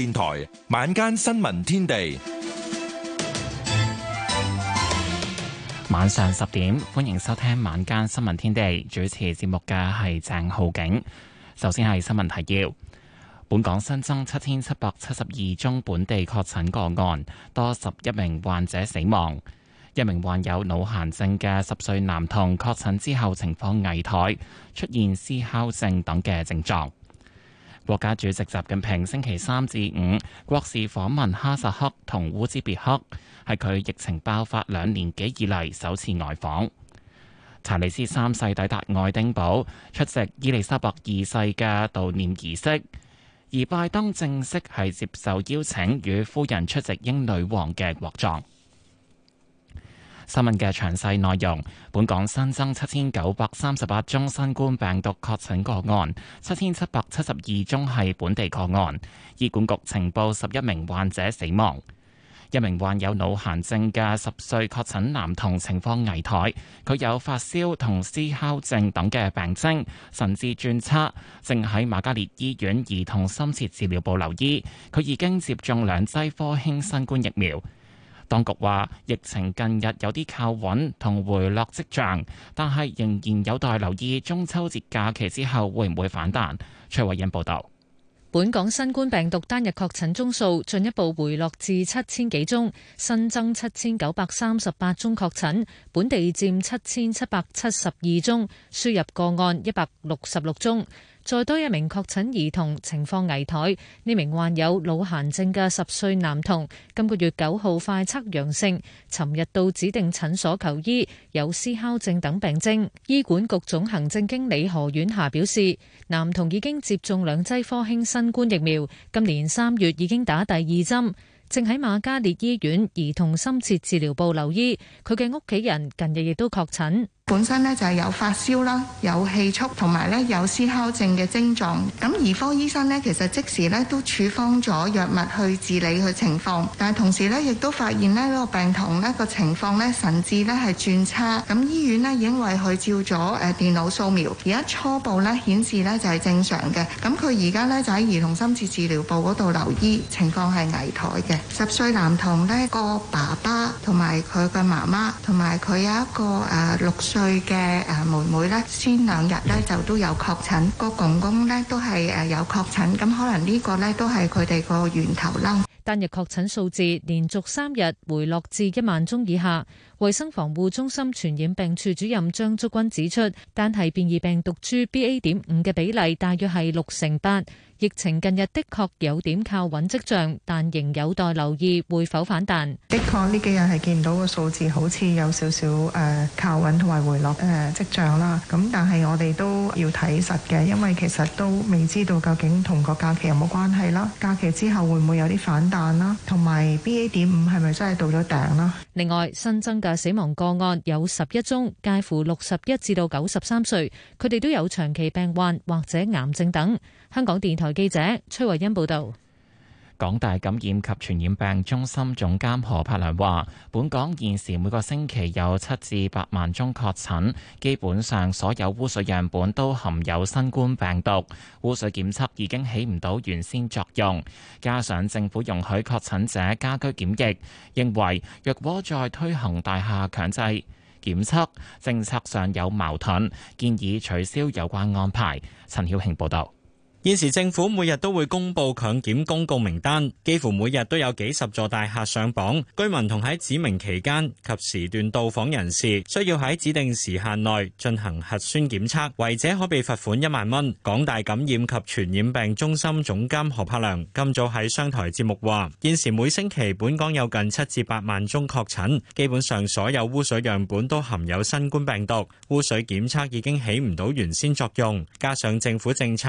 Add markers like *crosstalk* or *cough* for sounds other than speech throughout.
電台晚間新聞天地，晚上十點歡迎收聽晚間新聞天地。主持節目嘅係鄭浩景。首先係新聞提要：本港新增七千七百七十二宗本地確診個案，多十一名患者死亡。一名患有腦癇症嘅十歲男童確診之後，情況危殆，出現思考症等嘅症狀。國家主席習近平星期三至五國事訪問哈薩克同烏茲別克，係佢疫情爆發兩年幾以嚟，首次外訪。查理斯三世抵達愛丁堡出席伊利沙伯二世嘅悼念儀式，而拜登正式係接受邀請與夫人出席英女王嘅國葬。新聞嘅詳細內容：本港新增七千九百三十八宗新冠病毒確診個案，七千七百七十二宗係本地個案。醫管局呈報十一名患者死亡，一名患有腦癇症嘅十歲確診男童情況危殆，佢有發燒同燒烤症等嘅病徵，神志轉差，正喺瑪嘉烈醫院兒童深切治療部留醫。佢已經接種兩劑科興新冠疫苗。當局話疫情近日有啲靠穩同回落跡象，但係仍然有待留意中秋節假期之後會唔會反彈。崔慧恩報道，本港新冠病毒單日確診宗數進一步回落至七千幾宗，新增七千九百三十八宗確診，本地佔七千七百七十二宗，輸入個案一百六十六宗。再多一名確診兒童情況危殆，呢名患有腦癇症嘅十歲男童今個月九號快測陽性，尋日到指定診所求醫，有思考症等病徵。醫管局總行政經理何婉霞表示，男童已經接種兩劑科興新冠疫苗，今年三月已經打第二針，正喺瑪嘉烈醫院兒童深切治療部留醫。佢嘅屋企人近日亦都確診。本身咧就係有發燒啦，有氣促，同埋咧有思考症嘅症狀。咁兒科醫生咧，其實即時咧都處方咗藥物去治理佢情況，但係同時咧，亦都發現咧嗰個病童呢個情況咧神智咧係轉差。咁醫院呢，已經為佢照咗誒電腦掃描，而家初步咧顯示咧就係正常嘅。咁佢而家咧就喺兒童深切治療部嗰度留醫，情況係危殆嘅。十歲男童呢，個爸爸同埋佢嘅媽媽同埋佢有一個誒六、呃、歲。佢嘅誒妹妹咧，先兩日咧就都有確診，個公公咧都係誒有確診，咁可能呢個咧都係佢哋個源頭啦。單日確診數字連續三日回落至一萬宗以下。衛生防護中心傳染病處主任張竹君指出，單係變異病毒株 BA. 點五嘅比例大約係六成八。疫情近日的確有點靠穩跡象，但仍有待留意會否反彈。的確，呢幾日係見到個數字好似有少少誒靠穩同埋回落誒跡象啦。咁但係我哋都要睇實嘅，因為其實都未知道究竟同個假期有冇關係啦。假期之後會唔會有啲反彈啦？同埋 BA. 點五係咪真係到咗頂啦？另外，新增死亡個案有十一宗，介乎六十一至到九十三歲，佢哋都有長期病患或者癌症等。香港電台記者崔慧欣報道。港大感染及傳染病中心總監何柏良話：本港現時每個星期有七至八萬宗確診，基本上所有污水樣本都含有新冠病毒，污水檢測已經起唔到原先作用。加上政府容許確診者家居檢疫，認為若果再推行大廈強制檢測，政策上有矛盾，建議取消有關安排。陳曉慶報道。現時政府每日都會公布強檢公告名單,幾乎每日都有幾十座大廈上榜,居民同喺指明期間,及時段到訪人士,需要喺指定時限內進行核酸檢測,違者可被罰款一萬蚊,港大感染及傳染病中心總監何柏良,今早喺商台節目話。現時每星期本港有近七至八萬宗確診,基本上所有污水樣本都含有新冠病毒,污水檢測已經起唔到原先作用,加上政府政策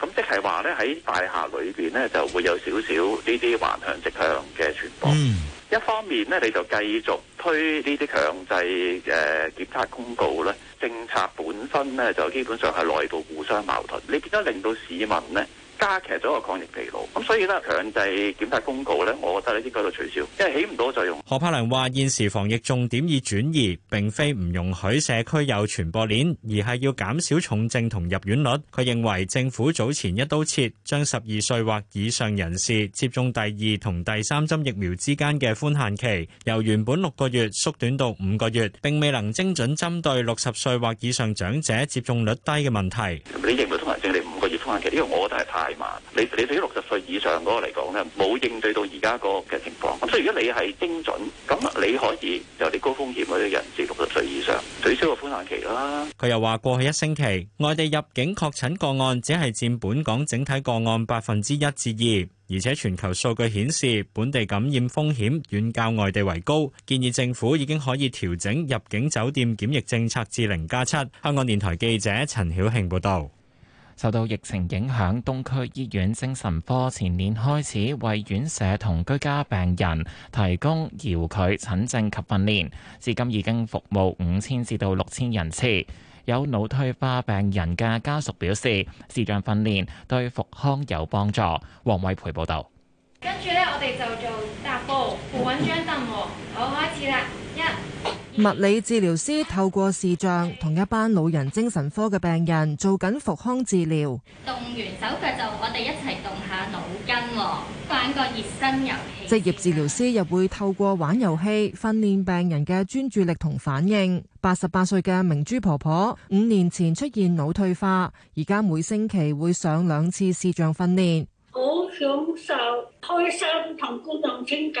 咁即係話咧，喺大廈裏邊咧，就會有少少呢啲橫向、直向嘅傳播。嗯。一方面咧，你就繼續推呢啲強制誒檢測公告咧，政策本身咧就基本上係內部互相矛盾，你變咗令到市民咧。加劇咗個抗疫疲勞，咁所以咧，強制檢測公告咧，我覺得咧應該都取消，因為起唔到作用。何柏良話：現時防疫重點已轉移，並非唔容許社區有傳播鏈，而係要減少重症同入院率。佢認為政府早前一刀切，將十二歲或以上人士接種第二同第三針疫苗之間嘅寬限期，由原本六個月縮短到五個月，並未能精準針對六十歲或以上長者接種率低嘅問題。你認為同埋即係你？慢期呢個，我覺得係太慢。你你對於六十歲以上嗰個嚟講咧，冇應對到而家個嘅情況。咁所以如果你係精準，咁你可以有啲高風險嗰啲人士六十歲以上取消個寬限期啦。佢又話：過去一星期，外地入境確診個案只係佔本港整體個案百分之一至二，而且全球數據顯示本地感染風險遠較外地為高。建議政府已經可以調整入境酒店檢疫政策至零加七。香港電台記者陳曉慶報道。受到疫情影響，東區醫院精神科前年開始為院舍同居家病人提供遙距診症及訓練，至今已經服務五千至到六千人次。有腦退化病人嘅家屬表示，視像訓練對復康有幫助。黃偉培報道。跟住咧，我哋就做答覆。扶穩張凳，我好，開始啦。物理治療師透過視像同一班老人精神科嘅病人做緊復康治療，動完手腳，就我哋一齊動一下腦筋，玩個熱身遊戲。職業治療師又會透過玩遊戲訓練病人嘅專注力同反應。八十八歲嘅明珠婆婆五年前出現腦退化，而家每星期會上兩次視像訓練。好享受，開心同姑娘傾偈。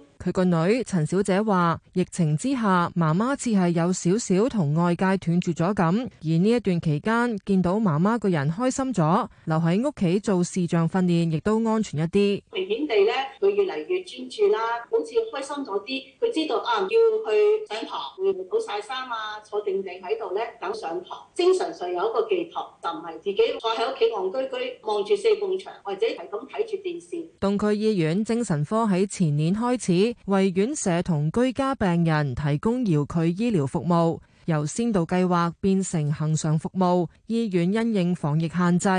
佢個女陳小姐話：疫情之下，媽媽似係有少少同外界斷絕咗咁。而呢一段期間，見到媽媽個人開心咗，留喺屋企做視像訓練，亦都安全一啲。明顯地咧，佢越嚟越專注啦，好似開心咗啲。佢知道啊，要去上堂，會換好曬衫啊，坐定定喺度咧等上堂。精神上有一個寄託，就唔係自己坐喺屋企戇居居望住四埲牆，或者係咁睇住電視。東區醫院精神科喺前年開始。為院舍同居家病人提供遙距醫療服務，由先導計劃變成恆常服務。醫院因應防疫限制，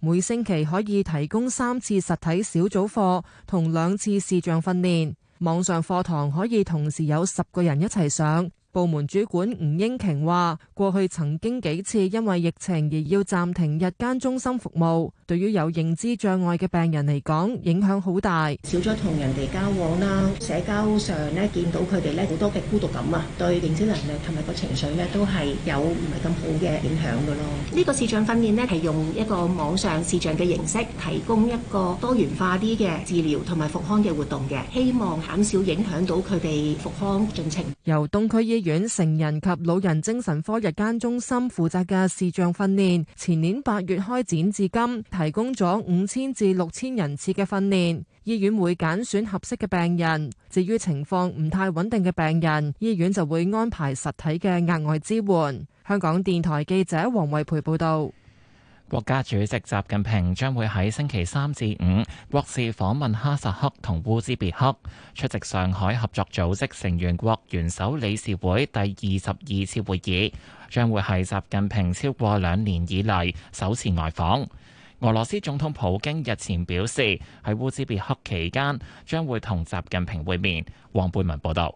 每星期可以提供三次實體小組課同兩次視像訓練，網上課堂可以同時有十個人一齊上。部門主管吳英瓊話，過去曾經幾次因為疫情而要暫停日間中心服務，對於有認知障礙嘅病人嚟講，影響好大，少咗同人哋交往啦，社交上呢，見到佢哋呢好多嘅孤獨感啊，對認知能力同埋個情緒呢，都係有唔係咁好嘅影響噶咯。呢個視像訓練呢，係用一個網上視像嘅形式，提供一個多元化啲嘅治療同埋復康嘅活動嘅，希望減少影響到佢哋復康進程。由東區醫院成人及老人精神科日間中心負責嘅視像訓練，前年八月開展至今，提供咗五千至六千人次嘅訓練。醫院會揀選合適嘅病人，至於情況唔太穩定嘅病人，醫院就會安排實體嘅額外支援。香港電台記者黃慧培報道。國家主席習近平將會喺星期三至五國事訪問哈薩克同烏茲別克，出席上海合作組織成員國元首理事會第二十二次會議，將會係習近平超過兩年以嚟首次外訪。俄羅斯總統普京日前表示，喺烏茲別克期間將會同習近平會面。黃貝文報道。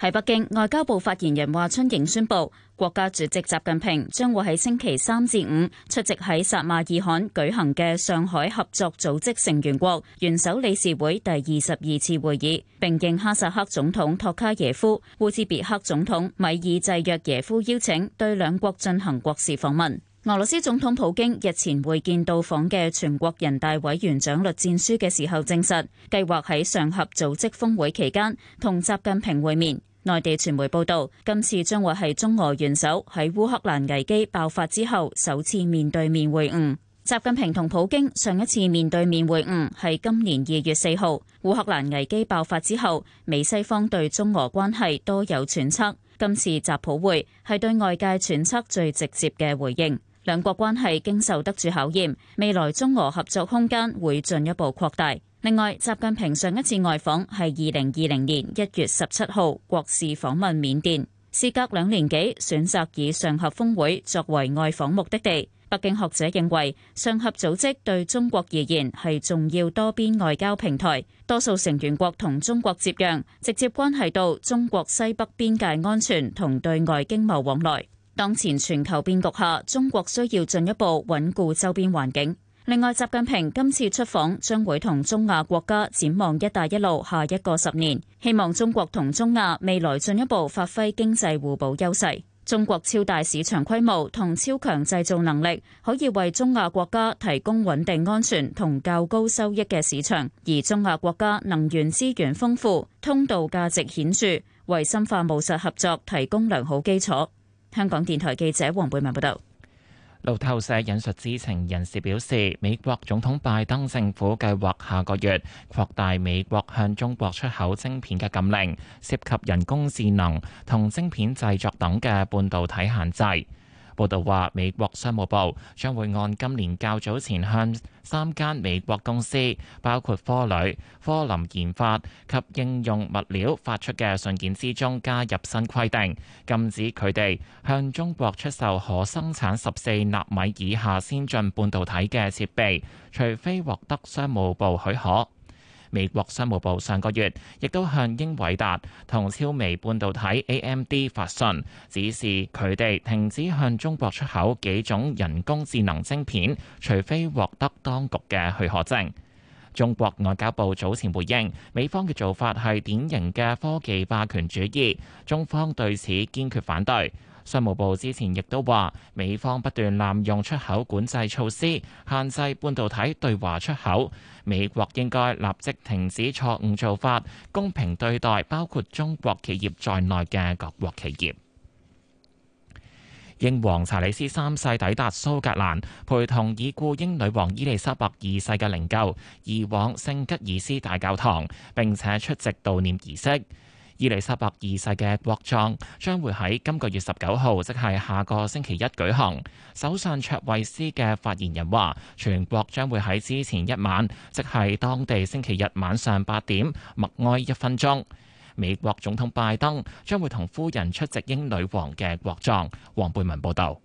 喺北京，外交部發言人華春瑩宣布，國家主席習近平將會喺星期三至五出席喺撒馬爾罕舉行嘅上海合作組織成員國元首理事會第二十二次會議，並應哈薩克總統托卡耶夫、烏茲別克總統米爾濟約耶夫邀請，對兩國進行國事訪問。俄羅斯總統普京日前會見到訪嘅全國人大委員長栗戰書嘅時候證實，計劃喺上合組織峰會期間同習近平會面。內地傳媒報道，今次將會係中俄元首喺烏克蘭危機爆發之後首次面對面會晤。習近平同普京上一次面對面會晤係今年二月四號。烏克蘭危機爆發之後，美西方對中俄關係多有揣測，今次習普會係對外界揣測最直接嘅回應。兩國關係經受得住考驗，未來中俄合作空間會進一步擴大。另外，習近平上一次外訪係二零二零年一月十七號國事訪問緬甸，事隔兩年幾，選擇以上合峰會作為外訪目的地。北京學者認為，上合組織對中國而言係重要多邊外交平台，多數成員國同中國接壤，直接關係到中國西北邊界安全同對外經貿往來。當前全球變局下，中國需要進一步穩固周邊環境。另外，習近平今次出訪將會同中亞國家展望“一帶一路”下一個十年，希望中國同中亞未來進一步發揮經濟互補優勢。中國超大市場規模同超強製造能力，可以為中亞國家提供穩定、安全同較高收益嘅市場；而中亞國家能源資源豐富，通道價值顯著，為深化務實合作提供良好基礎。香港電台記者黃貝文報道，路透社引述知情人士表示，美國總統拜登政府計劃下個月擴大美國向中國出口晶片嘅禁令，涉及人工智能同晶片製作等嘅半導體限制。報道話，美國商務部將會按今年較早前向三間美國公司，包括科磊、科林研發及應用物料發出嘅信件之中加入新規定，禁止佢哋向中國出售可生產十四納米以下先進半導體嘅設備，除非獲得商務部許可。美國商務部上個月亦都向英偉達同超微半導體 AMD 發信，指示佢哋停止向中國出口幾種人工智能晶片，除非獲得當局嘅許可證。中國外交部早前回應，美方嘅做法係典型嘅科技霸權主義，中方對此堅決反對。商務部之前亦都話，美方不斷濫用出口管制措施，限制半導體對華出口，美國應該立即停止錯誤做法，公平對待包括中國企業在內嘅各國企業。英皇查理斯三世抵達蘇格蘭，陪同已故英女王伊利沙伯二世嘅靈柩，移往聖吉爾斯大教堂，並且出席悼念儀式。伊利沙伯二世嘅國葬將會喺今個月十九號，即係下個星期一舉行。首相卓慧思嘅發言人話，全國將會喺之前一晚，即係當地星期日晚上八點默哀一分鐘。美國總統拜登將會同夫人出席英女王嘅國葬。黃貝文報道。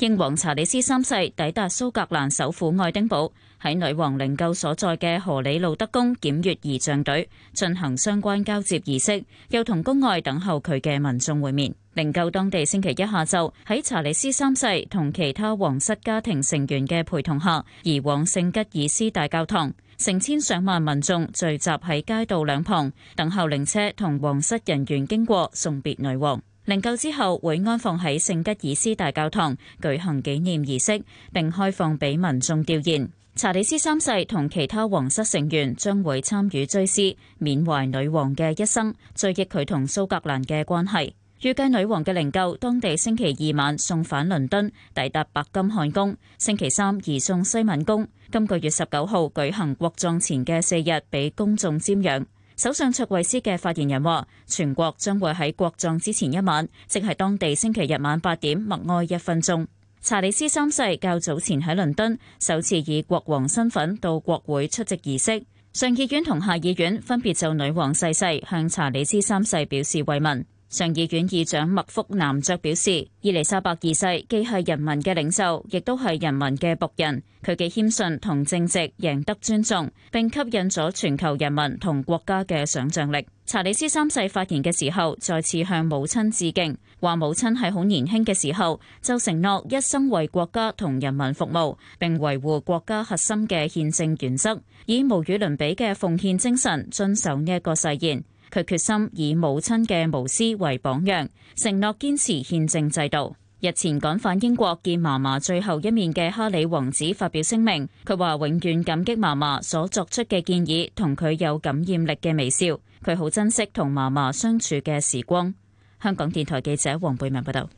英皇查理斯三世抵達蘇格蘭首府愛丁堡，喺女王靈柩所在嘅荷里路德宮檢閱儀仗隊，進行相關交接儀式，又同宮外等候佢嘅民眾會面。靈柩當地星期一下晝喺查理斯三世同其他皇室家庭成員嘅陪同下，移往聖吉爾斯大教堂。成千上萬民眾聚集喺街道兩旁，等候靈車同皇室人員經過，送別女王。靈柩之後會安放喺聖吉爾斯大教堂舉行紀念儀式，並開放俾民眾弔唁。查理斯三世同其他皇室成員將會參與追思，緬懷女王嘅一生，追憶佢同蘇格蘭嘅關係。預計女王嘅靈柩當地星期二晚送返倫敦，抵達白金漢宮，星期三移送西敏宮。今個月十九號舉行國葬前嘅四日，俾公眾瞻仰。首相卓慧斯嘅發言人話，全國將會喺國葬之前一晚，即係當地星期日晚八點，默哀一分鐘。查理斯三世較早前喺倫敦首次以國王身份到國會出席儀式，上議院同下議院，院分別就女王逝世向查理斯三世表示慰問。上議院議長麥福男爵表示：伊麗莎白二世既係人民嘅領袖，亦都係人民嘅僕人。佢嘅謙遜同正直贏得尊重，並吸引咗全球人民同國家嘅想像力。查理斯三世發言嘅時候，再次向母親致敬，話母親喺好年輕嘅時候就承諾一生為國家同人民服務，並維護國家核心嘅憲政原則，以無與倫比嘅奉獻精神遵守呢一個誓言。佢決心以母親嘅無私為榜樣，承諾堅持憲政制度。日前趕返英國見嫲嫲最後一面嘅哈里王子發表聲明，佢話永遠感激嫲嫲所作出嘅建議同佢有感染力嘅微笑，佢好珍惜同嫲嫲相處嘅時光。香港電台記者黃貝文報道。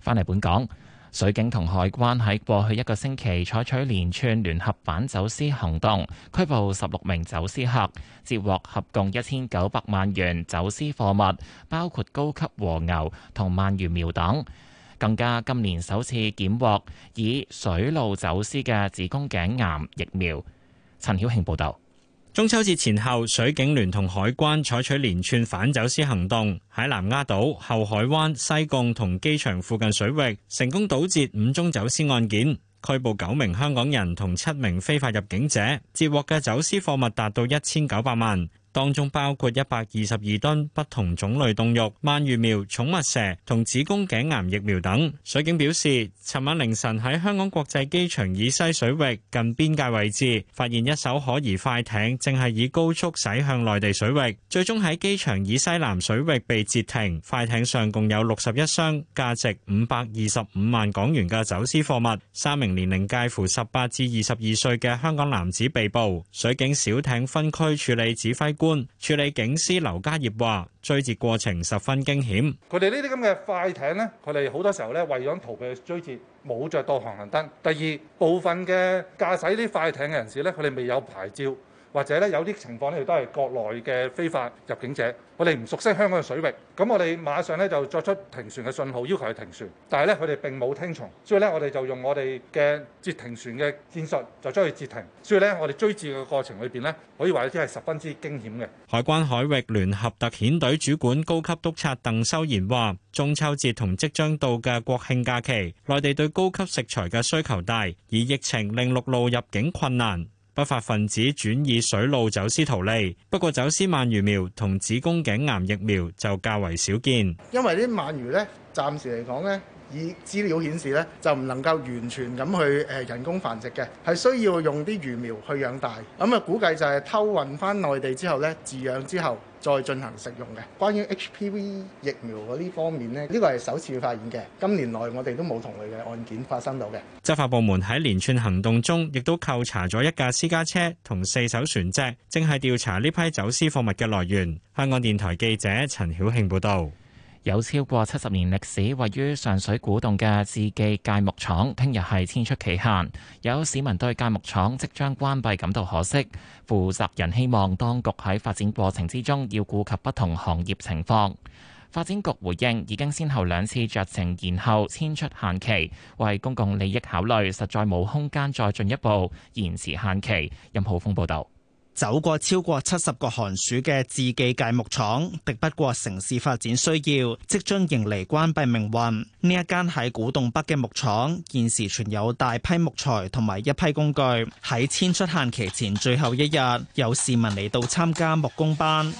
翻嚟本港。水警同海關喺過去一個星期採取連串聯合反走私行動，拘捕十六名走私客，截獲合共一千九百萬元走私貨物，包括高級和牛同鰻魚苗等，更加今年首次檢獲以水路走私嘅子宮頸癌疫苗。陳曉慶報道。中秋節前後，水警聯同海關採取連串反走私行動，喺南丫島、後海灣、西貢同機場附近水域成功堵截五宗走私案件，拘捕九名香港人同七名非法入境者，截獲嘅走私貨物達到一千九百萬。當中包括一百二十二噸不同種類凍肉、鰻魚苗、寵物蛇同子宮頸癌疫苗等。水警表示，尋晚凌晨喺香港國際機場以西水域近邊界位置，發現一艘可疑快艇，正係以高速駛向內地水域，最終喺機場以西南水域被截停。快艇上共有六十一箱價值五百二十五萬港元嘅走私貨物，三名年齡介乎十八至二十二歲嘅香港男子被捕。水警小艇分區處理指揮官，處理警司劉家業話：追截過程十分驚險，佢哋呢啲咁嘅快艇咧，佢哋好多時候咧為咗逃避追截，冇着到航行燈。第二，部分嘅駕駛啲快艇嘅人士咧，佢哋未有牌照。或者呢有啲情況呢，佢都係國內嘅非法入境者，我哋唔熟悉香港嘅水域，咁我哋馬上呢就作出停船嘅信號，要求佢停船，但係呢佢哋並冇聽從，所以呢我哋就用我哋嘅截停船嘅戰術，就將佢截停。所以呢我哋追截嘅過程裏邊呢，可以話有啲係十分之驚險嘅。海關海域聯合特遣隊主管高級督察鄧修賢話，中秋節同即將到嘅國慶假期，內地對高級食材嘅需求大，而疫情令陸路入境困難。不法分子轉以水路走私圖利，不過走私鰻魚苗同子宮頸癌疫苗就較為少見，因為啲鰻魚呢，暫時嚟講呢。以資料顯示呢就唔能夠完全咁去誒人工繁殖嘅，係需要用啲魚苗去養大。咁啊估計就係偷運翻內地之後呢，飼養之後再進行食用嘅。關於 HPV 疫苗嗰啲方面呢，呢個係首次發現嘅。今年內我哋都冇同類嘅案件發生到嘅。執法部門喺連串行動中，亦都扣查咗一架私家車同四艘船隻，正係調查呢批走私貨物嘅來源。香港電台記者陳曉慶報導。有超過七十年歷史，位於上水古洞嘅志記鎅木廠，聽日係遷出期限。有市民對鎅木廠即將關閉感到可惜，負責人希望當局喺發展過程之中要顧及不同行業情況。發展局回應已經先後兩次酌情延後遷出限期，為公共利益考慮，實在冇空間再進一步延遲限期。任浩峰報導。走過超過七十個寒暑嘅志記鎅木廠，敵不過城市發展需要，即將迎嚟關閉命運。呢一間喺古洞北嘅木廠，現時存有大批木材同埋一批工具。喺遷出限期前最後一日，有市民嚟到參加木工班。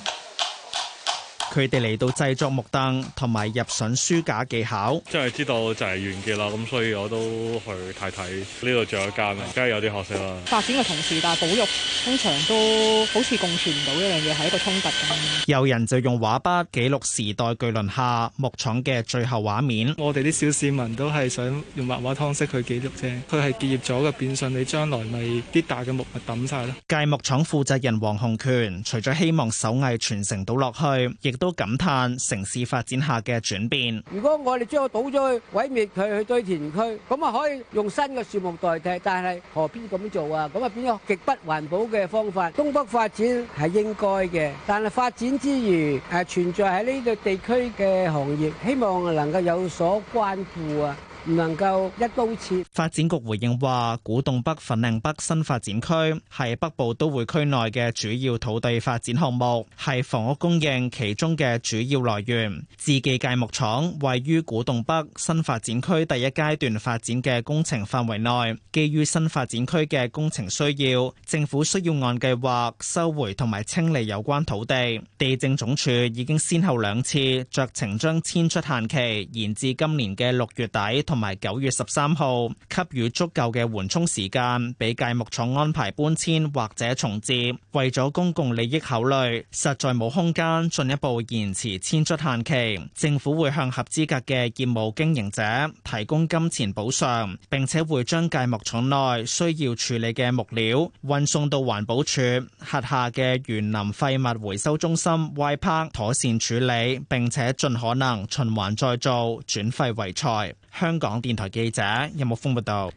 佢哋嚟到製作木凳同埋入榫書架技巧，即係知道就係完結啦。咁所以我都去睇睇呢度仲有一間啊，梗係有啲可惜啦。發展嘅同時，但係保育通常都好似共存唔到一樣嘢，係一個衝突咁。有人就用畫筆記錄時代巨輪下木廠嘅最後畫面。我哋啲小市民都係想用畫畫方式去記錄啫。佢係結業咗嘅，變相你將來咪啲大嘅木咪抌晒咯。界木廠負責人黃洪權，除咗希望手藝傳承到落去，亦都感嘆城市發展下嘅轉變。如果我哋將我倒咗去毀滅佢去堆填區，咁啊可以用新嘅樹木代替，但係何必咁做啊？咁啊變咗極不環保嘅方法。東北發展係應該嘅，但係發展之餘，誒存在喺呢個地區嘅行業，希望能夠有所關顧啊。唔能夠一刀切。發展局回應話，古洞北粉嶺北新發展區係北部都會區內嘅主要土地發展項目，係房屋供應其中嘅主要來源。志記鎅木廠位於古洞北新發展區第一階段發展嘅工程範圍內，基於新發展區嘅工程需要，政府需要按計劃收回同埋清理有關土地。地政總署已經先後兩次酌情將遷出限期延至今年嘅六月底同。同埋九月十三號給予足夠嘅緩衝時間，俾介木廠安排搬遷或者重置。為咗公共利益考慮，實在冇空間進一步延遲遷出限期。政府會向合資格嘅業務經營者提供金錢補償，並且會將介木廠內需要處理嘅木料運送到環保署轄下嘅園林廢物回收中心，Y·PARK 妥善處理，並且盡可能循環再造，轉廢為財。香港電台記者任木峰報道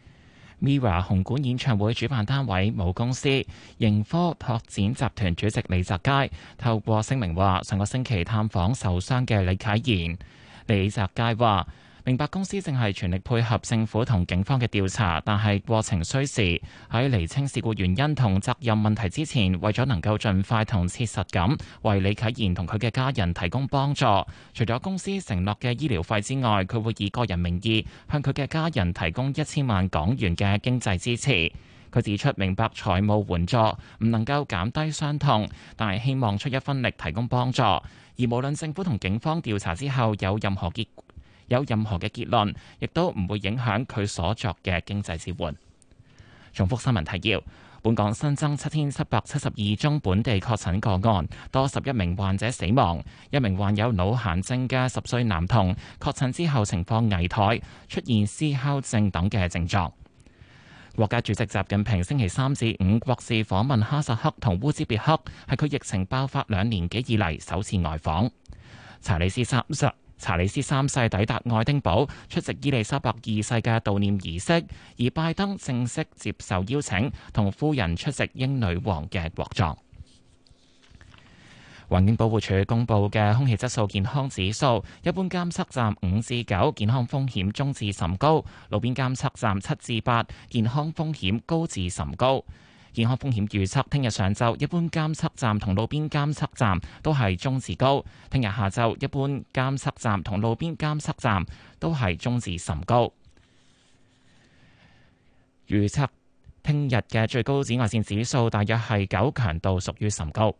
，Mirror 紅館演唱會主辦單位母公司盈科拓展集團主席李澤楷透過聲明話：上個星期探訪受傷嘅李啟言，李澤楷話。明白公司正係全力配合政府同警方嘅調查，但係過程需時。喺釐清事故原因同責任問題之前，為咗能夠盡快同切實咁為李啟賢同佢嘅家人提供幫助，除咗公司承諾嘅醫療費之外，佢會以個人名義向佢嘅家人提供一千萬港元嘅經濟支持。佢指出，明白財務援助唔能夠減低傷痛，但係希望出一分力提供幫助。而無論政府同警方調查之後有任何結。有任何嘅結論，亦都唔會影響佢所作嘅經濟支援。重複新聞提要：本港新增七千七百七十二宗本地確診個案，多十一名患者死亡，一名患有腦癇症嘅十歲男童確診之後情況危殆，出現思考症等嘅症狀。國家主席習近平星期三至五國事訪問哈薩克同烏茲別克，係佢疫情爆發兩年幾以嚟首次外訪。查理斯沙。查理斯三世抵達愛丁堡出席伊利沙伯二世嘅悼念儀式，而拜登正式接受邀請，同夫人出席英女王嘅國葬。環境保護署公布嘅空氣質素健康指數，一般監測站五至九，9，健康風險中至甚高；路邊監測站七至八，8，健康風險高至甚高。健康風險預測：聽日上晝一般監測站同路邊監測站都係中至高；聽日下晝一般監測站同路邊監測站都係中至甚高。預測聽日嘅最高紫外線指數大約係九，強度屬於甚高。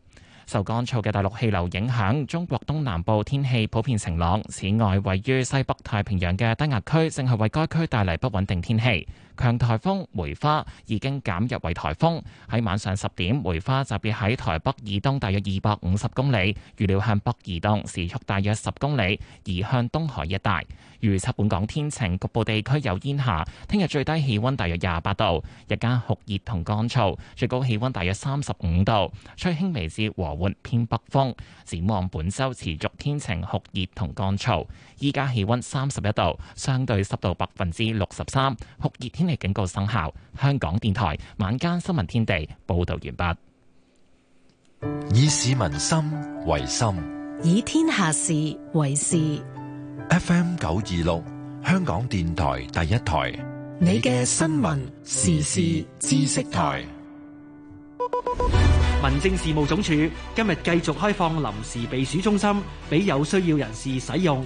受乾燥嘅大陸氣流影響，中國東南部天氣普遍晴朗。此外，位於西北太平洋嘅低壓區正係為該區帶嚟不穩定天氣。強颱風梅花已經減弱為颱風，喺晚上十點，梅花集結喺台北以東大約二百五十公里，預料向北移動，時速大約十公里，移向東海一帶。預測本港天晴，局部地區有煙霞。聽日最低氣溫大約廿八度，日間酷熱同乾燥，最高氣溫大約三十五度，吹輕微至和緩偏北風。展望本周持續天晴、酷熱同乾燥。依家氣溫三十一度，相對濕度百分之六十三，酷熱天警告生效。香港電台晚間新聞天地報道完畢。以市民心為心，以天下事為事。FM 九二六，香港電台第一台，你嘅新聞時事知識台。民政事務總署今日繼續開放臨時避暑中心，俾有需要人士使用。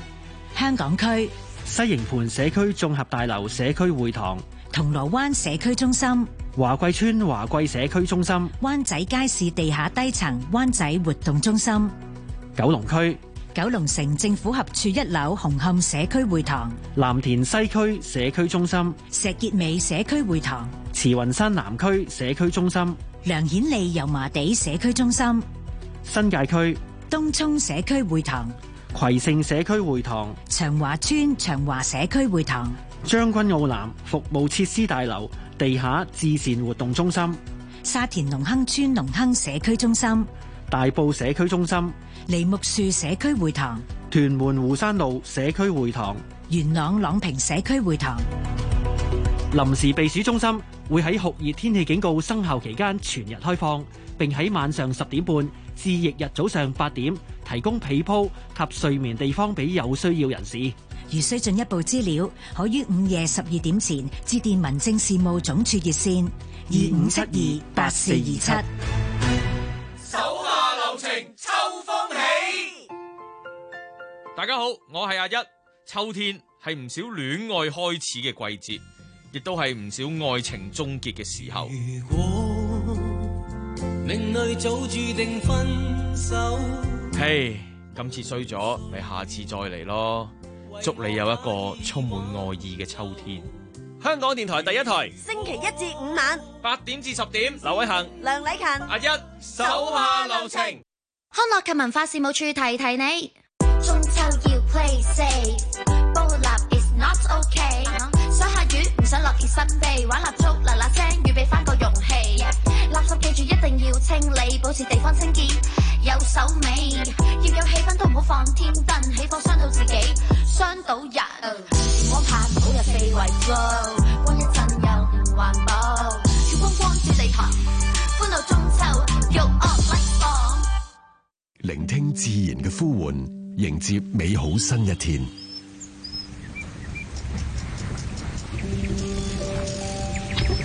香港區西營盤社區綜合大樓社區會堂，銅鑼灣社區中心、華貴村華貴社區中心、灣仔街市地下低層、灣仔活動中心、九龍區、九龍城政府合署一樓紅磡社區會堂、藍田西區社區中心、石硤尾社區會堂、慈雲山南區社區中心、梁顯利油麻地社區中心、新界區東涌社區會堂、葵盛社區會堂、長華村長華社區會堂。將軍澳南服務設施大樓地下慈善活動中心、沙田隆亨村隆亨社區中心、大埔社區中心、梨木樹社區會堂、屯門湖山路社區會堂、元朗朗平社區會堂、臨時避暑中心會喺酷熱天氣警告生效期間全日開放，並喺晚上十點半至翌日早上八點提供被鋪及睡眠地方俾有需要人士。如需進一步資料，可於午夜十二點前致電民政事務總署熱線二五七二八四二七。手下留情，秋風起。大家好，我係阿一。秋天係唔少戀愛開始嘅季節，亦都係唔少愛情終結嘅時候。如果另類早注定分手，嘿，今次衰咗，咪下次再嚟咯。祝你有一個充滿愛意嘅秋天。香港電台第一台，星期一至五晚八點至十點，劉偉恒、梁禮勤，阿、啊、一手下留情。康樂及文化事務處提提提你，中秋要 play safe，煲蠟 is not okay。想下雨唔想落雨，準備玩蠟燭，嗱嗱聲，預備翻個容器。Yeah. 垃圾記住一定要清理，保持地方清潔。有手尾。要有氣氛都唔好放天燈，起火傷到自己，傷到人。熒光 *music* 棒，唔好入廢位，光一陣又唔環保。月 *music* 光光，照地台，歡樂中秋。肉 o up like b o m 聆聽自然嘅呼喚，迎接美好新一天。